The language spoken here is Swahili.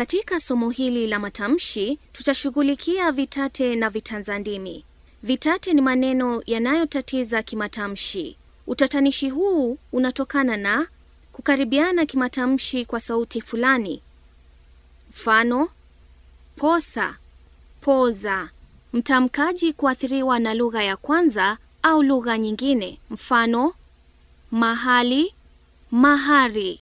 Katika somo hili la matamshi tutashughulikia vitate na vitanzandimi. Vitate ni maneno yanayotatiza kimatamshi. Utatanishi huu unatokana na kukaribiana kimatamshi kwa sauti fulani. Mfano, posa, poza. Mtamkaji kuathiriwa na lugha ya kwanza au lugha nyingine. Mfano, mahali, mahari.